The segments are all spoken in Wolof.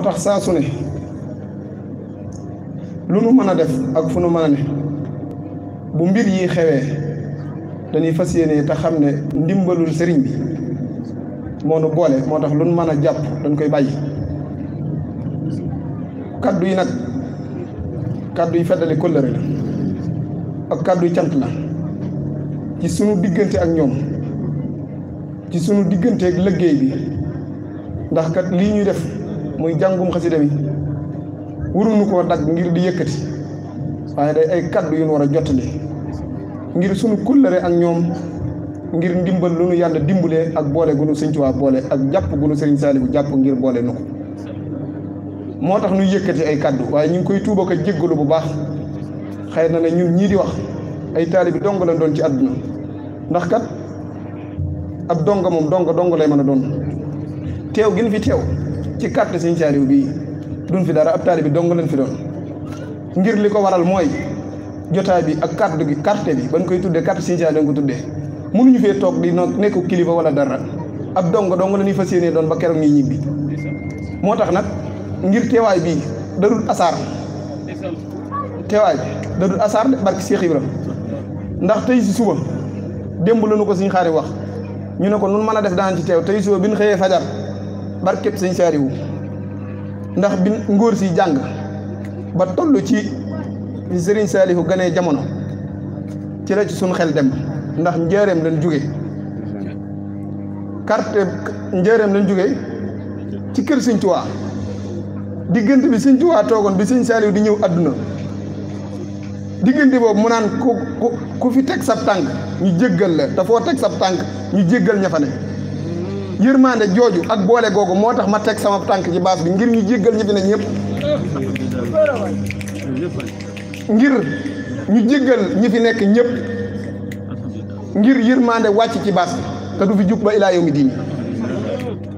moo tax saa su lu nu mën a def ak fu nu mën a ne bu mbir yi xewee dañuy fas yéene te xam ne ndimbalul sëriñ bi moo nu boole moo tax lu nu mën a jàpp dañ koy bàyyi kàddu yi nag kàddu yi feddali kóllëre la ak kàddu yi cant la ci sunu diggante ak ñoom ci sunu digganteek ak liggéey bi ndax kat lii ñuy def muy jàngum xasida bi waruñu dagg ngir di yëkkati waaye day ay kàddu yu ñu war a jottali ngir sunu kullare ak ñoom ngir ndimbal lu nu yàlla dimbalee ak boole gu nu Sëñ Tuubaa boole ak jàpp gu nu Sëriñ Saalihu jàpp ngir boole nu moo tax ñu yëkkati ay kaddu waaye ñu ngi koy tuuba ko jéggalu bu baax xëy na ne ñun ñii di wax ay taalibi dong la doon ci àdduna ndax kat ab donga moom donga dong lay mën a doon teew gin fi teew ci carte Sëñ Saaliw bii duñ fi dara ab taali bi dong lañ fi doon ngir li ko waral mooy jotaay bi ak carte gi carte bi bañ koy tuddee carte Sëñ Saaliw dañ ko tuddee mënuñu fee toog di nekk kilifa wala dara ab dong dong la ñuy fas yéenee doon ba keroog ñuy ñibbi moo tax nag ngir teewaay bii darul asaar teewaay bi darul asaar barki Seex Ibra ndax tey si suba démb la ñu ko suñ xaari wax ñu ne ko nun mën a def daan ci teew tey suba bi nu xëyee fajar barkeb sëñ saariwu ndax bi ngóor si jàng ba toll ci sëriñ saalihu ganee jamono ci la ci xel dem ndax njëreem lañ jóge carte njëreem lañ jóge ci kër sëñ Tuubaa diggante bi sëñ Tuubaa toogoon bi sëñ saalihu di ñëw àdduna diggante boobu mu naan ku ku fi teg sab tànk ñu jéggal la dafoo teg sab tànk ñu jéggal ña fa ne yërmande jooju ak boole googu moo tax ma teg sama tànk ci baas bi ngir ñu jéggal ñi fi ne ñëpp ngir ñu jéggal ñi fi nekk ñëpp ngir yërmande wàcc ci baas bi te du fi jug ba ilaa yawmi diin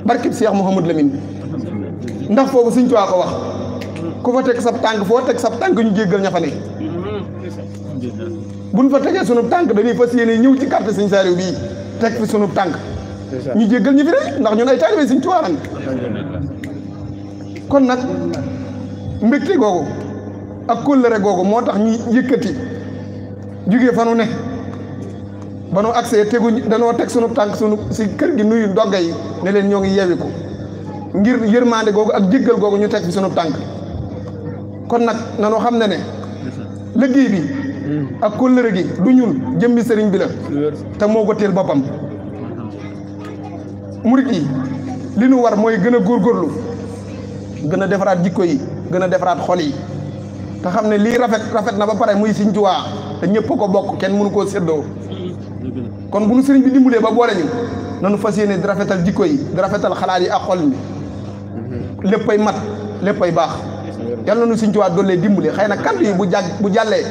barkib Seex Mouhamadou Lamine ndax foofu suñ tuwaa ko wax ku fa teg sab tànk foo teg sab tànk ñu jéggal ña fa ne buñ fa tegee sunu tànk dañuy fas yéene ñëw ci carte Sëñ Saaliw bii teg fi sunu tànk ñu jéggal ñu fi rek ndax ñun ay taalibe Sëriñ Tuubaa lañ kon nag mbégte googu ak kóllëre googu moo tax ñu yëkkati jugee fanu ne ba nu accès teguñ danoo teg sunu tànk sunu si kër gi nuyu ndogga yi ne leen ñoo ngi yeewi ko ngir yërmande googu ak jéggal googu ñu teg fi sunu tànk kon nag nanoo xam ne ne liggéey bi ak kóllëre gi du ñuul jëmbi sëriñ bi la te moo ko teel boppam murit yi li nu war mooy gën a góor góorlu gën a defaraat jikko yi gën a defaraat xol yi te xam ne lii rafet rafet na ba pare muy Sëriñ Tuubaa te ñëpp ko bokk kenn mënu koo seddoo kon bu nu sëriñ bi dimbalee ba boole ñu nanu fas yéene di rafetal jikko yi di rafetal xalaat yi ak xol lépp léppay mat lépp ay baax yal na nu Sëriñ Tuubaa dollee dimbale xay na kàddu yi bu jàgg bu jàllee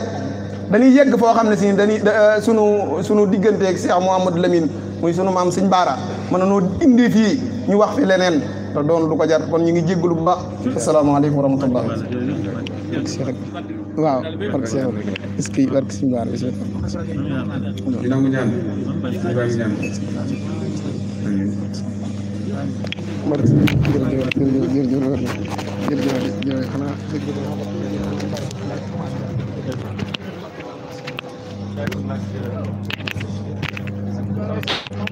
dañuy yegg foo xam ne si dañuy sunu sunu digganteeg Cheikh Mouhamadou Lamine muy sunu mam seigne bara man no indi fi ñu wax fi leneen te doon lu ko jar kon ñi ngi jéggul bu baax alaykum wa rahmatullah waaw barke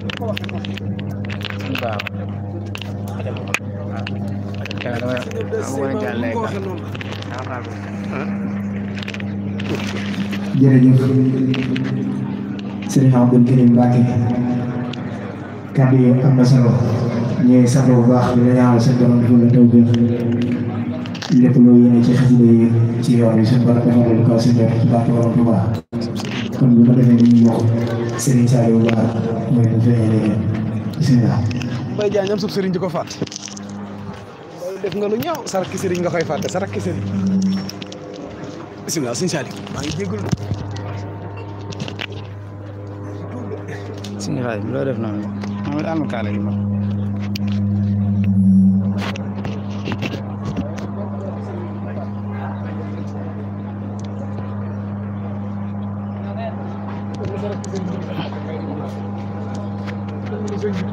jërëjëf sëriñ Abdou Karim Mbacke kàddu yi am na solo ñu ngi sant bu baax di la ñaanal sa doom defal la taw bi lépp loo yéene ci xasida yi ci yoon bi suñu borom defal la lu kaw sa njort ci barke borom Tuubaa kon bu ko defee dañuy yokk Serigne Saliou Bara mooy bu feeñee léegi bisimilah. Mbaye Diagne ko fàtte. nga lu ñaaw sarak ki nga koy fàtte sarak ki Serigne. bisimilah Serigne Saliou maa ngi jégalu. Serigne Saliou loo def noonu kaale gi Gracias.